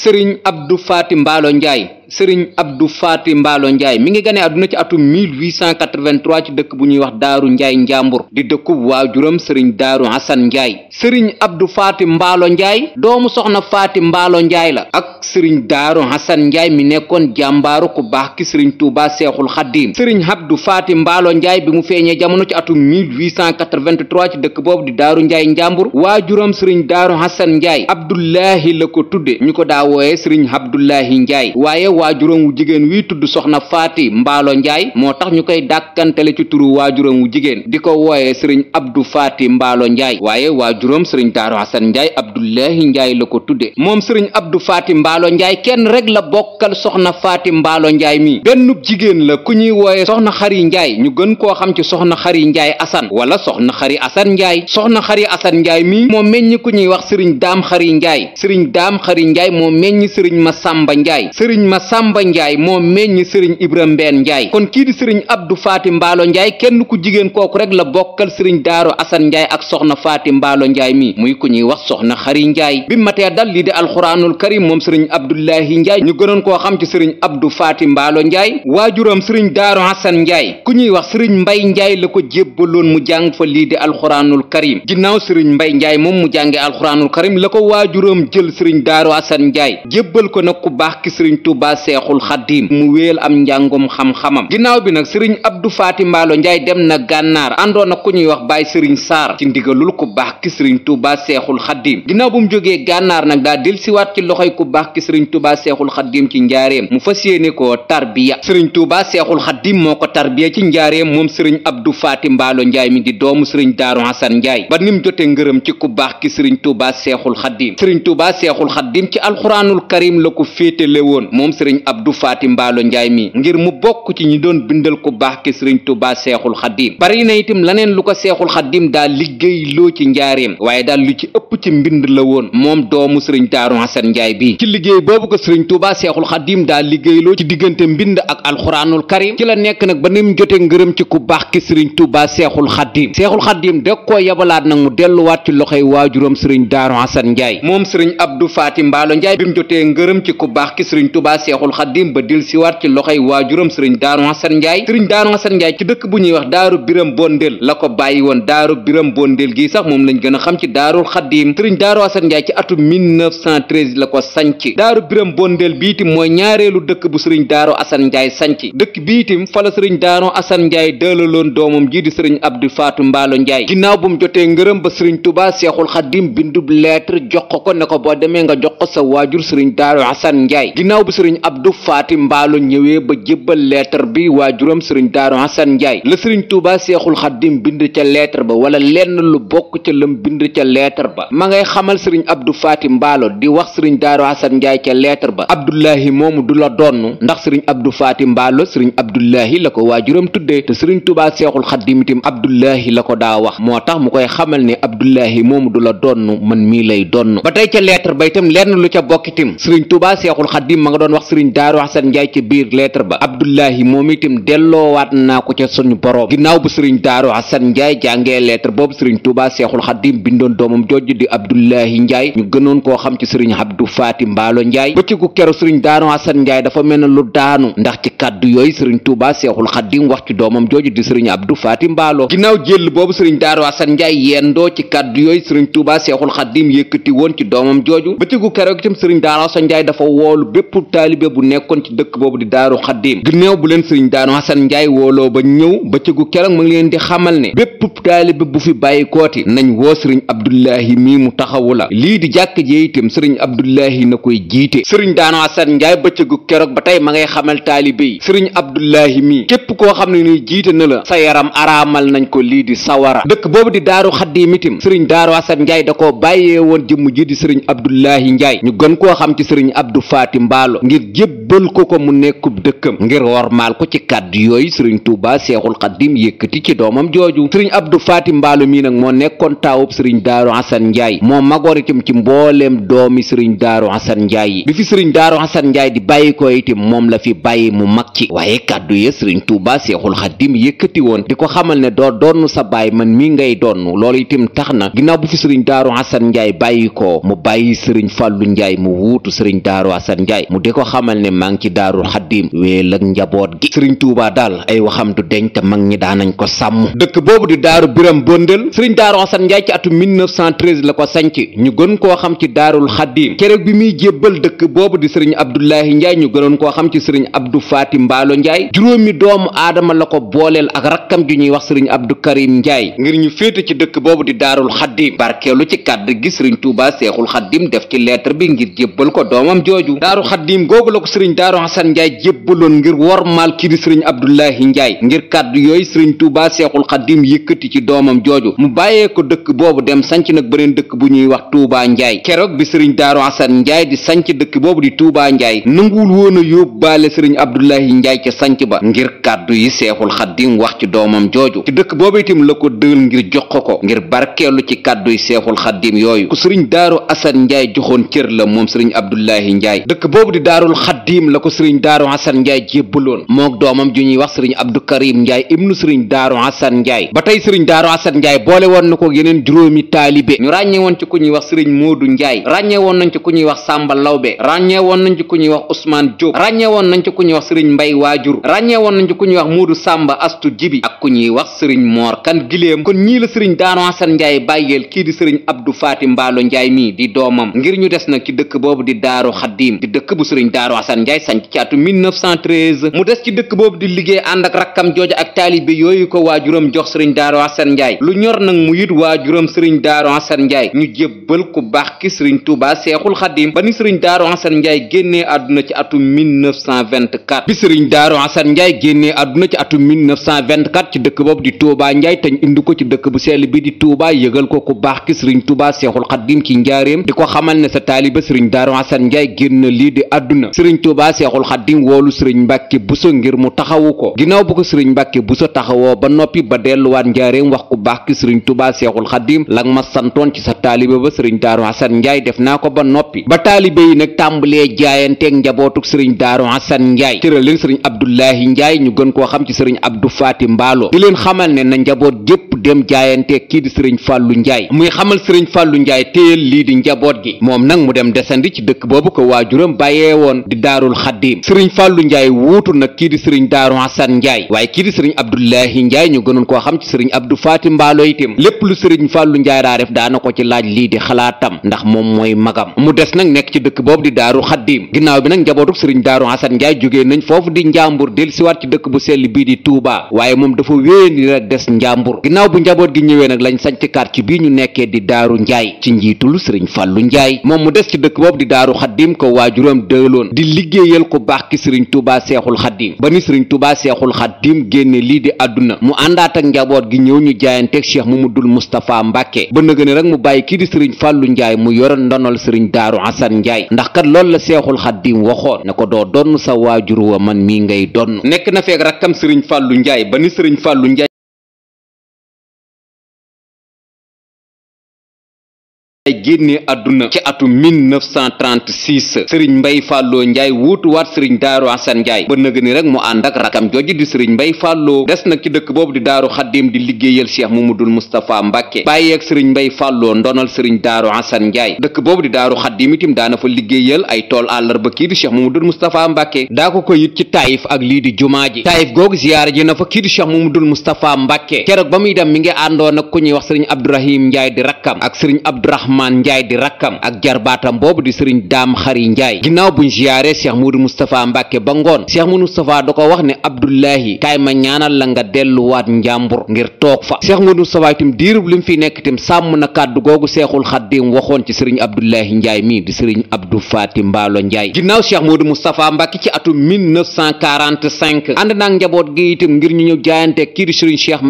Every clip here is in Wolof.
sëriñ Abdou Faty Mbaalo Ndiaye sëriñ Abdou Faati Mbaalo Njaay mi ngi gane àdduna ci atum 1883 ci dëkk bu ñuy wax Daaru Njaay Njàmbur di dëkkub waajuram sëriñ Daaru Asan Njaay sëriñ Abdou Faati Mbaalo Njaay doomu soxna Faati Mbaalo Njaay la ak sëriñ Daaru Asan Njaay mi nekkoon jàmbaaru ku baax ki sëriñ Tuubaa Seexul Xaddiim sëriñ Abdou Faati Mbaalo Njaay bi mu feeñee jamono ci atum 1883 ci dëkk boobu di Daaru Njaay Njàmbur waajuram sëriñ Daaru Asan Njaay Abdullahi la ko tudde ñu ko daa wooye sëriñ Abdullahi Njaay waaye waajuram wu jigéen wii tudd soxna faati mbaalo njaay moo tax ñu koy dàkkantele ci turu waajuram wu jigéen di ko wooyee sëriñ abdu faati mbaalo njaay waaye waajuram sëriñ daaru hasan njaay abdullahi njaay la ko tudde moom sëriñ abdu faati mbaalo njaay kenn rek la bokkal soxna faati mbaalo njaay mii bennub jigéen la ku ñuy wooyee soxna xari njaay ñu gën koo xam ci soxna xari njaay asan wala soxna xari asan njaay soxna xari asan njaay mi moo meññ ku ñuy wax sëriñ daam xari njaay sëriñ daam xari njaay moo meññ sëriñ ma Samba Ndiaye moo meññ sëriñ Ibra Mbeen Ndiaye kon kii di sëriñ Abdou Faati Mbaalo Ndiaye kenn ku jigéen kooku rek la bokkal sëriñ Daaro Asan Ndiaye ak soxna Faati Mbaalo njaay mi muy ku ñuy wax soxna Xari Ndiaye bi matee dal lii di alxuraanul karim moom sëriñ Abdullahi Ndiaye ñu gënoon koo xam ci sëriñ Abdou Faati Mbaalo Ndiaye waajuram sëriñ Daaro Asan Ndiaye ku ñuy wax sëriñ Mbay Ndiaye la ko jébbaloon mu jàng fa lii di alxuraanul karim ginnaaw sëriñ Mbay Ndiaye moom mu jànge alxuraanul karim la ko waajuram jël sëriñ Daaro Tuubaa Seexul Xaddiim mu wéel am njàngum xam-xamam ginnaaw bi nag sëriñ Abdou Faty Mballo Ndiaye dem na gànnaar àndoon ak ku ñuy wax Baay Sëriñ Saar ci ndigalul ku baax ki sëriñ Tuubaa Seexul Xaddiim ginnaaw bu mu jógee gànnaar nag daa delsiwaat ci loxoy ku baax ki sëriñ Tuubaa Seexul Xaddiim ci njaareem mu fas yéene ko tarbiya sëriñ Tuubaa Seexul Xaddiim moo ko tarbiya ci njaareem moom sëriñ Abdou faati Mballo njaay mi di doomu sëriñ Daaru Hasan Ndiaye ba nim jote ngërëm ci ku baax ki sëriñ Tuubaa Seexul Xaddiim sëriñ sëriñ Abdou Faati Mbaalo Njaay mi ngir mu bokk ci ñi doon bindal ku baax ki sëriñ Tuubaa Seexul Xadiim bari na itam laneen lu ko Seexul Xadiim daa liggéey loo ci njaareem waaye daal lu ci ëpp ci mbind la woon moom doomu sëriñ Daaru Hasan Njaay bi ci liggéey boobu ko sëriñ Tuubaa Seexul Xadiim daa liggéey loo ci diggante mbind ak alxuraanul karim ci la nekk nag ba nim jote ngërëm ci ku baax ki sëriñ Tuubaa Seexul Xadiim Seexul Xadiim da koo yabalaat nag mu delluwaat ci loxoy waajuram sëriñ Daaru Hasan Njaay moom sëriñ Abdou Faati Mbaalo Njaay bi mu seexul xaddim ba dil siwaat ci loxoy waajuram sëriñ daaru xasan njaay sëriñ daaru xasan njaay ci dëkk bu ñuy wax daaru biram bondel la ko bàyyi woon daaru biram bondel gi sax moom lañ gën a xam ci daarul xaddim sëriñ daaru xasan njaay ci atum 1913 la ko sanc daaru biram bi biitim mooy ñaareelu dëkk bu sëriñ daaru asan njaay sanc dëkk biitim fa la sëriñ daaru asan njaay dëlaloon doomam jii di sëriñ di faatu mbaalo njaay ginnaaw bu mu jotee ngërëm ba sëriñ tubaa seexul xaddim bindub lettre jox ko ne ko boo demee nga jox sa waajur sëriñ daaru asan njaay abdu faati mbaalo ñëwee ba jébbal lettre bi waajuram sëriñ daaru xasan njaay la sëriñ tuuba seexul xaddim bind ca lettre ba wala lenn lu bokk ca lam bind ca lettre ba ma ngay xamal sëriñ abdu faati mbaalo di wax sëriñ daaru xasan njaay ca lettre ba abdullahi moomu du la donn ndax sëriñ abdu faati mbaalo sëriñ abdullahi la ko waajuram tuddee te sëriñ tuuba seexul xaddim itam abdullahi la ko daa wax moo tax mu koy xamal ne abdullahi moomu du la donn man mii lay donn ba tey ca lettre ba itam lenn lu ca bokkitim sëriñ tuuba seexul xaddim ma nga doon wax sëriñ daaru xasan njaay ca biir lettre ba abdullahi moom itam delloowaat naa ko ca suñu boroom ginnaaw bu sëriñ daaru xasan njaay jàngee lettre boobu sëriñ tuuba seexul xadim bindoon doomam jooju di abdullahi njaay ñu gënoon koo xam ci sëriñ abdu faati mbaalo njaay bëccëgu kero sëriñ daaru xasan njaay dafa mel ne lu daanu ndax ci kàddu yooyu sëriñ tuuba seexul xadim wax ci doomam jooju di sëriñ abdu faati mbaalo ginnaaw jël boobu sëriñ daaru xasan njaay yendoo ci kàddu yooyu sëriñ tuuba seexul xadim yëkkati woon ci doomam jooju bëccëgu kero itam sëriñ daaru xasan njaay dafa woolu bépp taalibe taalibe bu nekkoon ci dëkk boobu di daaru xaddiim ginnaaw bu leen sëriñ daanu xasan njaay wooloo ba ñëw ba cëgu keroog mu ngi leen di xamal ne bépp taalibe bu fi bàyyi kooti nañ woo sëriñ abdullahi mii mu taxawu la lii di jàkk jee itam sëriñ abdullahi na koy jiite sëriñ daanu xasan njaay ba cëgu keroog ba tey ma ngay xamal taalibe yi sëriñ abdullahi mii képp koo xam ne ni jiite na la sa yaram araamal nañ ko lii di sawara dëkk boobu di daaru xaddiim itam sëriñ daaru xasan njaay da koo bàyyee woon jëmm ji di sëriñ abdullahi njaay ñu gën koo xam ci sëriñ abdu faati jébbal ko ko mu nekkub dëkkam ngir wormaal ko ci kàddu yooyu sëriñ Touba seexul xaddim yëkkati ci doomam jooju sëriñ Abdou Faati Mbaalu mii nag moo nekkoon taawub sëriñ Daaru Asan Njaay moo magoon itam ci mbooleem doomi sëriñ Daaru Asan Njaay yi bi fi sëriñ Daaru Asan Njaay di bàyyi ko itam moom la fi bàyyi mu mag ci waaye kàddu ya sëriñ Touba seexul xaddim yëkkati woon di ko xamal ne doo donnu sa baay man mii ngay donnu loolu itam tax na ginnaaw bu fi sëriñ Daaru Asan Njaay bàyyi ko mu bàyyi sëriñ Fàllu Njaay mu wuutu sëriñ Daaru Asan xamal ne maa ngi ci daarul xaddiim wéel ak njaboot gi sëriñ tuubaa daal ay waxam du deñ te mag ñi daanañ ko sàmm dëkk boobu di daaru biram bondel sëriñ daaru xasan njaay ci atum 1913 la ko sanc ñu gën koo xam ci daarul xaddiim cere bi muy jébbal dëkk boobu di sëriñ abdullahi njaay ñu gënoon koo xam ci sëriñ abdu faati mbaalo njaay juróomi doomu aadama la ko booleel ak rakkam ju ñuy wax sëriñ abdu karim njaay ngir ñu féete ci dëkk boobu di daarul xaddiim barkeelu ci kàdd gi sëriñ tuubaa seexul xaddiim def ci lettre bi ngir jébbal boobu la ko sëriñ daaru xasan njaay jébbaloon ngir wormaal kii di sëriñ abdullahi njaay ngir kàddu yooyu sëriñ tuubaa seexul xadim yëkkati ci doomam jooju mu bàyyee ko dëkk boobu dem sanc nag beneen dëkk bu ñuy wax tuubaa njaay keroog bi sëriñ daaru xasan njaay di sanc dëkk boobu di tuubaa njaay nanguwul woon a yóbbaale sëriñ abdullahi njaay ca sanc ba ngir kàddu yi seexul xadim wax ci doomam jooju dëkk boobu itam la ko ngir jox ko ko ngir barkeelu ci kàddu yi seexul xadim yooyu sëriñ daaru asan njaay joxoon cër la moom sëriñ abdullahi njaay dëkk boobu di daarul xaddiim la ko sëriñ daaru xasan njaay jébbaloon mook doomam ju ñuy wax sëriñ abdu karim njaay ibnu sëriñ daaru xasan njaay ba tey sëriñ daaru xasan njaay boole woon na ko yeneen juróomi taalibe ñu ràññee woon ci ku ñuy wax sëriñ moodu njaay ràññee woon nañ ci ku ñuy wax sàmba lawbe ràññee woon nañ ci ku ñuy wax usmaan jóob ràññee woon nañ ci ku ñuy wax sëriñ mbay waajur ràññee woon nañ ci ku ñuy wax moodu sàmba astu jibi ak ku ñuy wax sëriñ moor kan giléem kon ñii la sëriñ daaru xasan njaay bàyyeel kii di sëriñ abdu faati mbaalo njaay mii di doomam ngir ñu des nag ci dëkk boobu di daaru xaddiim di dëkk bu sëriñ daaru Daaru Asan Njaay sanc ci atu 1913 mu des ci dëkk boobu di liggéey ànd ak rakkam jooja ak taalibe yooyu ko waajuram jox sëriñ Daaru Asan Njaay lu ñor nag mu it waajuram sëriñ Daaru Asan Njaay ñu jébbal ku baax ki sëriñ Tuubaa Seexul Xadiim ba ni sëriñ Daaru Asan Njaay génnee àdduna ci atu 1924 bi sëriñ Daaru Asan Njaay génnee àdduna ci atu 1924 ci dëkk boobu di Tuubaa Njaay te indi ko ci dëkk bu sell bi di Tuubaa yëgal ko ku baax ki sëriñ Tuubaa Seexul Xadiim ci njaareem di ko xamal ne sa taalibe sëriñ Daaru Asan sëriñ tuuba seexul xaddim woolu sëriñ mbàkke buso ngir mu taxawu ko ginnaaw bu ko sëriñ mbàkke buso taxawoo ba noppi ba delluwaat njaareem wax ku baax ki sëriñ tuuba seexul xaddim lang ma santoon ci sa taalibe ba sëriñ daaru xasan njaay def naa ko ba noppi ba taalibe yi nag tàmbalee jaayanteeg njabootuk sëriñ daaru xasan njaay tëral leen sëriñ abdullahi njaay ñu gën koo xam ci sëriñ abdu faati mbaalo di leen xamal ne na njaboot gépp dem jaayanteeg kii di sëriñ fàllu njaay muy xamal sëriñ fàllu njaay téyel lii di njaboot gi moom nag mu dem desandi ci dëkk boobu ko waajuram di daarul xaddiim sëriñ fàllu njaay wuutu nag kii di sëriñ daaru hasan njaay waaye kii di sëriñ abdullahi njaay ñu gënoon koo xam ci sëriñ abdu faati mbaalo itam lépp lu sëriñ fàllu njaay daa def daana ko ci laaj lii di xalaatam ndax moom mooy magam mu des nag nekk ci dëkk boobu di daaru xaddiim ginnaaw bi nag njabootub sëriñ daaru hasan njaay jógee nañ foofu di njàmbur del siwaat ci dëkk bu sell bii di tuubaa waaye moom dafa wéeni rek des njàmbur ginnaaw bu njaboot gi ñëwee nag lañ sañc quartier bii ñu nekkee di daaru njaay ci njiitul sëriñ fàllu njaay moom mu des ci dëkk boobu di daaru xaddiim ko waajuram dëloon di liggéeyal ku baax ki sëriñ tubaa seexul xaddiim ba ni sëriñ tubaa seexul xaddiim génne lii di àdduna mu àndaat njaboot gi ñëw ñu jaayanteeg cheikh mamadul mustapha mbàkke ba nëgëne rek mu bàyyi kii di sëriñ fàllu njaay mu yoroon ndonol sëriñ daaru asan njaay ndax kat loolu la seexul xaddiim waxoon na ko doo donn sa waajur wa man mii ngay donn nekk na feek rakkam sëriñ fàllu njaay ba ni sëriñ fàllu njaay ay génne àdduna ci atum 1936 sëriñ mbay fàlloo njaay waat sëriñ daaru asan njaay ba nëg ni rek mu ànd ak rakam jooju di sëriñ mbay fàlloo des nag ci dëkk boobu di daaru xaddim di liggéeyal cheikh mamadul moustapha mbàkke bàyyeeg sëriñ mbay fàlloo ndonal sëriñ daaru asan njaay dëkk boobu di daaru xaddim itim daana fa liggéeyal ay tool àllarba kii di cheikh mamadul moustapha mbàkke daa ko ko yit ci taayif ak lii di jumaa ji taayif googu ziyaara ji na fa kii di cheikh mamadul moustapha mbàkke keroog ba mi ngi àndoon ak ku ñuy wax sëriñ abdourahim njaay di rakkam ak sëriñ Abdourahmane Ndiaye di rakkam ak jarbaatam boobu di sëriñ daam xari Ndiaye ginnaaw buñ ziyaare Cheikh Modou Moustapha Mbacke ba ngoon Cheikh Modou Moustapha da ko wax ne Abdoulahi kaay ma ñaanal la nga delluwaat njàmbur ngir toog fa Cheikh Modou Moustapha itam diirub lim fi nekk itam sàmm na kàddu googu Seexul Xaddim waxoon ci sëriñ Abdoulahi Ndiaye mii di sëriñ Abdou Faati Mbaalo Ndiaye ginnaaw Cheikh Modou Moustapha Mbacke ci atum 1945 ànd naag njaboot gi itam ngir ñu jaayante kii di sëriñ Cheikh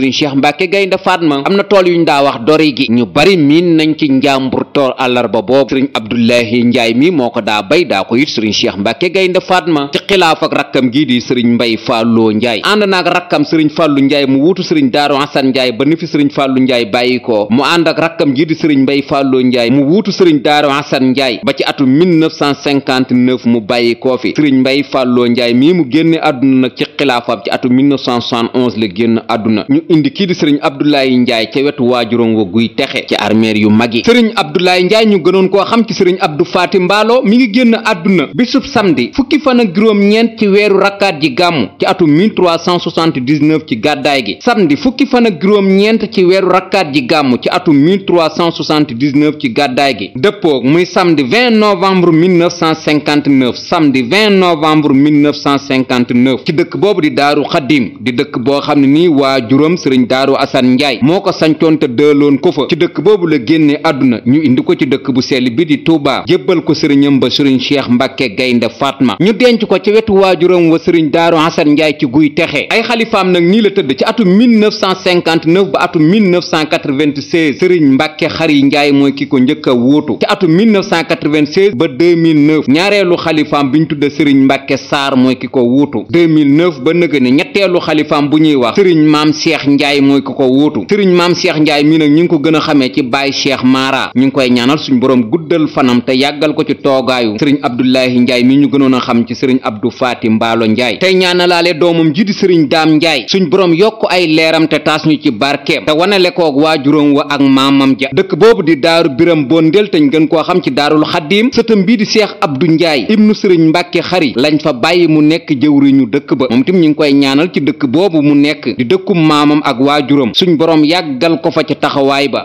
sëriñ Cheikh Mbacke Gaynde Fatma am na tool yuñ daa wax dori gi ñu bari miin nañ ci njàmbur tool àllarba boobu sëriñ Abdoulahi Njaay mi moo ko daa bay daa ko it sëriñ Cheikh Mbàkke Gaynde Fatma ci xilaaf ak rakkam gii di sëriñ Mbay Fàlloo Njaay ànd naag rakkam sëriñ Fàllu Njaay mu wuutu sëriñ Daaru Asan Njaay ba ni fi sëriñ Fàllu Njaay bàyyi ko mu ànd ak rakkam gii di sëriñ Mbay Fàlloo Njaay mu wuutu sëriñ Daaru Asan Njaay ba ci atu 1959 mu bàyyi koo fi sëriñ Mbay Fàlloo Njaay mii mu génne àdduna nag ci xilaafam ci atu 1971 la génn àdduna ñu indi kii di sëriñ Abdoulahi Njaay ca wetu waajuram wa guy texe ci armeer yu mag yi sëriñ Abdoulahi Abdoulaye Ndiaye ñu gënoon koo xam ci sëriñ Abdou Faty Mballo mi ngi génn àdduna bisub samedi fukki fan ak juróom-ñeent ci weeru rakkaat ji gàmmu ci atum 1379 ci gàddaay gi samedi fukki fan ak juróom-ñeent ci weeru rakkaat ji gàmmu ci atum 1379 ci gàddaay gi dëppoog muy samedi 20 novembre 1959 samedi 20 novembre 1959 ci dëkk boobu di daaru xaddiim di dëkk boo xam ne nii waa juróom sëriñ daaru Assane Ndiaye moo ko sancoon te dëloon ko fa ci dëkk boobu la génne àdduna ñu indi ko ci dëkk bu sell bi di Touba jébbal ko sëriñam ba sëriñ Cheikh Mbacke Gaynde Fatma ñu denc ko ci wetu waajuram wa sëriñ Daaru Hasan Njaay ci guy texe ay xalifaam nag nii la tëdd ci atum 1959 ba atum 1996 sëriñ Mbacke Xari Njaay mooy ki ko njëkk a wuutu ci atum 1996 ba 2009 ñaareelu xalifaam bi ñu tudde sëriñ mbakke Sarr mooy ki ko wuutu 2009 ba nëgë ne ñetteelu xalifaam bu ñuy wax sëriñ Maam Cheikh Njaay mooy ki ko wuutu sëriñ Maam seex Njaay mii nag ñu ngi ko gën a xamee ci Baay Cheikh Mara ñu ko koy ñaanal suñ boroom guddal fanam te yàggal ko ci toogaayu sëriñ Abdoulahi Njaay mi ñu gënoon a xam ci sëriñ Abdou Faati Mbaalo Njaay tey ñaanalaale doomam ji di sëriñ Daam Njaay suñ boroom yokk ay leeram te taas ñu ci barkeem te wanale koog waajuróom wa ak maamam ja dëkk boobu di daaru biram bondel teñ gën koo xam ci daarul xaddiim sëtam bii di seex Abdou Njaay ibnu sëriñ Mbàkke xari lañ fa bàyyi mu nekk jëwriñu dëkk ba moom tim ñu ngi koy ñaanal ci dëkk boobu mu nekk dëkku maamam ak waajuram suñ boroom yàggal ko fa ci taxawaay ba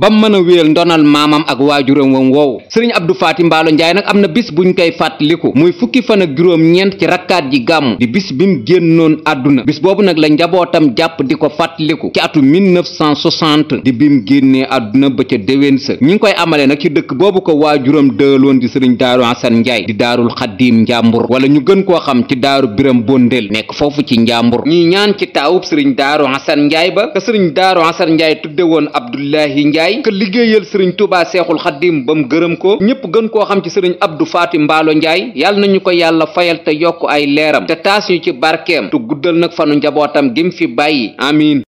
waajuram wam woowu sëriñ abdu faati mbaalo njaay nag am na bis ñu koy fàttaliku muy fukki fan ak juróom ñeent ci rakkaat ji gàmm di bis bi mu génnoon adduna bis boobu nag la njabootam jàpp di ko fàttaliku ci atu 1960 di bi mu génnee adduna ba ca déwén sa ñi ngi koy amale nag ci dëkk boobu ko waa juróom waajuram dëloon di sëriñ daaru asan njaay di daarul xaddiim njàmbur wala ñu gën koo xam ci daaru biram bondel nekk foofu ci njàmbur ñi ñaan ci taawub sëriñ daaru asan njaay ba sëriñ daaru asan njaay tudde woon abdullahi njaay ka xaddim ba mu gërëm ko ñëpp gën koo xam ci sëriñ du faati mbaalo njaay yàlla nañu ko yàlla fayal te yokk ay leeram te taas ñu ci barkeem tu guddal nag fanu njabootam gim fi bàyyi amin